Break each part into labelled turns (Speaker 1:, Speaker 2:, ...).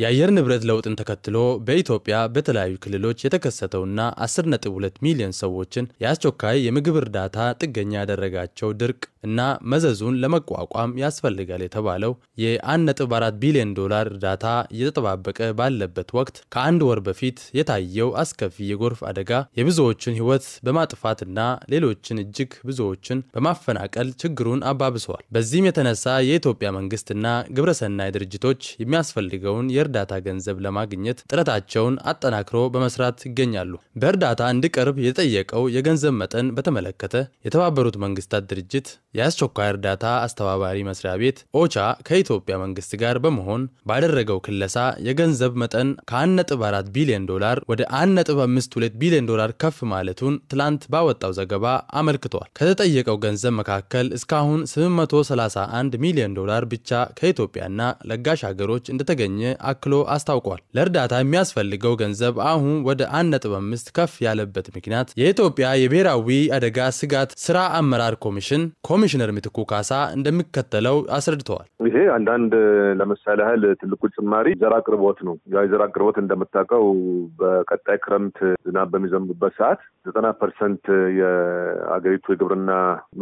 Speaker 1: የአየር ንብረት ለውጥን ተከትሎ በኢትዮጵያ በተለያዩ ክልሎች የተከሰተውና 10.2 ሚሊዮን ሰዎችን የአስቸኳይ የምግብ እርዳታ ጥገኛ ያደረጋቸው ድርቅ እና መዘዙን ለመቋቋም ያስፈልጋል የተባለው የ1.4 ቢሊዮን ዶላር እርዳታ እየተጠባበቀ ባለበት ወቅት ከአንድ ወር በፊት የታየው አስከፊ የጎርፍ አደጋ የብዙዎችን ሕይወት በማጥፋትና ሌሎችን እጅግ ብዙዎችን በማፈናቀል ችግሩን አባብሰዋል። በዚህም የተነሳ የኢትዮጵያ መንግስትና ግብረሰናይ ድርጅቶች የሚያስፈልገውን የ የእርዳታ ገንዘብ ለማግኘት ጥረታቸውን አጠናክሮ በመስራት ይገኛሉ። በእርዳታ እንዲቀርብ የተጠየቀው የገንዘብ መጠን በተመለከተ የተባበሩት መንግስታት ድርጅት የአስቸኳይ እርዳታ አስተባባሪ መስሪያ ቤት ኦቻ ከኢትዮጵያ መንግስት ጋር በመሆን ባደረገው ክለሳ የገንዘብ መጠን ከ1.4 ቢሊዮን ዶላር ወደ 1.52 ቢሊዮን ዶላር ከፍ ማለቱን ትላንት ባወጣው ዘገባ አመልክቷል። ከተጠየቀው ገንዘብ መካከል እስካሁን 831 ሚሊዮን ዶላር ብቻ ከኢትዮጵያና ለጋሽ ሀገሮች እንደተገኘ አ አክሎ አስታውቋል። ለእርዳታ የሚያስፈልገው ገንዘብ አሁን ወደ 1.5 ከፍ ያለበት ምክንያት የኢትዮጵያ የብሔራዊ አደጋ ስጋት ስራ አመራር ኮሚሽን ኮሚሽነር ምትኩ ካሳ እንደሚከተለው አስረድተዋል።
Speaker 2: ይሄ አንዳንድ ለምሳሌ ያህል ትልቁ ጭማሪ ዘር አቅርቦት ነው። ያ የዘር አቅርቦት እንደምታውቀው በቀጣይ ክረምት ዝናብ በሚዘንቡበት ሰዓት ዘጠና ፐርሰንት የአገሪቱ የግብርና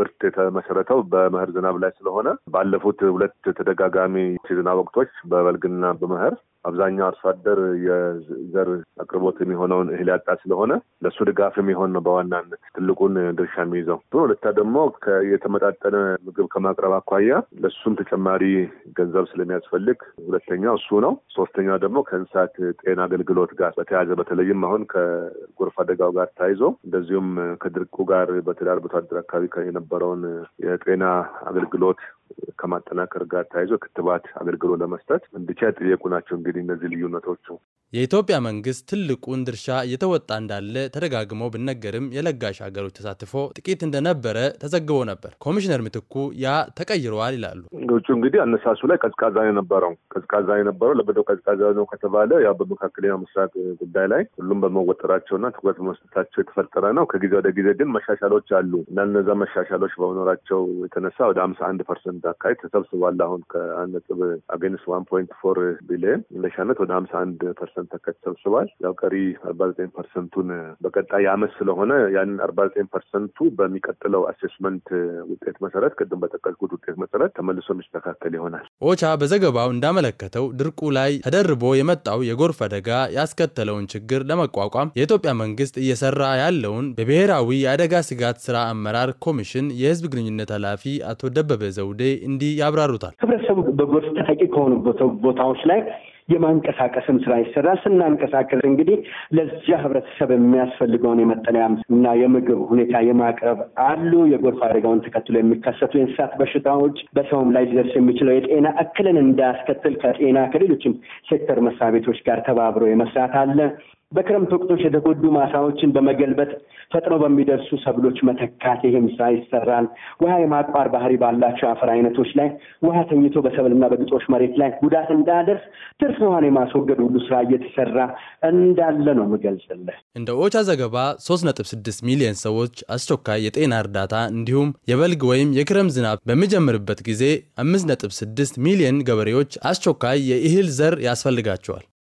Speaker 2: ምርት የተመሰረተው በመኸር ዝናብ ላይ ስለሆነ ባለፉት ሁለት ተደጋጋሚ የዝናብ ወቅቶች በበልግና በመኸር አብዛኛው አርሶ አደር የዘር አቅርቦት የሚሆነውን እህል ያጣ ስለሆነ ለእሱ ድጋፍ የሚሆን ነው በዋናነት ትልቁን ድርሻ የሚይዘው። ሁለታ ደግሞ የተመጣጠነ ምግብ ከማቅረብ አኳያ ለእሱም ተጨማሪ ገንዘብ ስለሚያስፈልግ ሁለተኛው እሱ ነው። ሶስተኛው ደግሞ ከእንስሳት ጤና አገልግሎት ጋር በተያያዘ በተለይም አሁን ከጎርፍ አደጋው ጋር ተያይዞ እንደዚሁም ከድርቁ ጋር በተዳር አርብቶ አደር አካባቢ የነበረውን የጤና አገልግሎት ከማጠናከር ጋር ተያይዞ ክትባት አገልግሎት ለመስጠት እንድቻ የጠየቁ ናቸው እንግዲህ እንግዲህ እነዚህ ልዩነቶቹ
Speaker 1: የኢትዮጵያ መንግስት ትልቁን ድርሻ እየተወጣ እንዳለ ተደጋግሞ ቢነገርም የለጋሽ ሀገሮች ተሳትፎ ጥቂት እንደነበረ ተዘግቦ ነበር። ኮሚሽነር ምትኩ ያ ተቀይረዋል ይላሉ።
Speaker 2: ውጭ እንግዲህ አነሳሱ ላይ ቀዝቃዛ የነበረው ቀዝቃዛ የነበረው ለበደው ቀዝቃዛ ነው ከተባለ ያ በመካከለኛ ምስራቅ ጉዳይ ላይ ሁሉም በመወጠራቸውና ትኩረት በመስጠታቸው የተፈጠረ ነው። ከጊዜ ወደ ጊዜ ግን መሻሻሎች አሉ እና እነዛ መሻሻሎች በመኖራቸው የተነሳ ወደ አምሳ አንድ ፐርሰንት አካባቢ ተሰብስቧል። አሁን ከአንድ ነጥብ አገንስት ዋን ፖይንት ፎር ቢሊየን መነሻነት ወደ ሀምሳ አንድ ፐርሰንት ተከት ሰብስቧል። ያው ቀሪ አርባ ዘጠኝ ፐርሰንቱን በቀጣይ አመት ስለሆነ ያንን አርባ ዘጠኝ ፐርሰንቱ በሚቀጥለው አሴስመንት ውጤት መሰረት ቅድም በጠቀስኩት ውጤት መሰረት ተመልሶ የሚስተካከል ይሆናል።
Speaker 1: ኦቻ በዘገባው እንዳመለከተው ድርቁ ላይ ተደርቦ የመጣው የጎርፍ አደጋ ያስከተለውን ችግር ለመቋቋም የኢትዮጵያ መንግስት እየሰራ ያለውን በብሔራዊ የአደጋ ስጋት ስራ አመራር ኮሚሽን የህዝብ ግንኙነት ኃላፊ አቶ ደበበ ዘውዴ እንዲህ ያብራሩታል።
Speaker 3: ህብረተሰቡ በጎርፍ ተጠቂ ከሆኑ ቦታዎች ላይ የማንቀሳቀስም ስራ ይሰራል። ስናንቀሳቀስ እንግዲህ ለዚያ ህብረተሰብ የሚያስፈልገውን የመጠለያ እና የምግብ ሁኔታ የማቅረብ አሉ። የጎርፍ አደጋውን ተከትሎ የሚከሰቱ የእንስሳት በሽታዎች፣ በሰውም ላይ ሊደርስ የሚችለው የጤና እክልን እንዳያስከትል ከጤና ከሌሎችም ሴክተር መስሪያ ቤቶች ጋር ተባብሮ የመስራት አለ። በክረምት ወቅቶች የተጎዱ ማሳዎችን በመገልበጥ ፈጥኖ በሚደርሱ ሰብሎች መተካት ይህም ስራ ይሰራል። ውሃ የማቋር ባህሪ ባላቸው አፈር አይነቶች ላይ ውሃ ተኝቶ በሰብልና በግጦሽ መሬት ላይ ጉዳት እንዳደርስ ትርፍ ውሃን የማስወገድ ሁሉ ስራ እየተሰራ እንዳለ ነው የምገልጽልህ።
Speaker 1: እንደ ኦቻ ዘገባ ሶስት ነጥብ ስድስት ሚሊዮን ሰዎች አስቸኳይ የጤና እርዳታ እንዲሁም የበልግ ወይም የክረም ዝናብ በሚጀምርበት ጊዜ አምስት ነጥብ ስድስት ሚሊዮን ገበሬዎች አስቸኳይ የእህል ዘር ያስፈልጋቸዋል።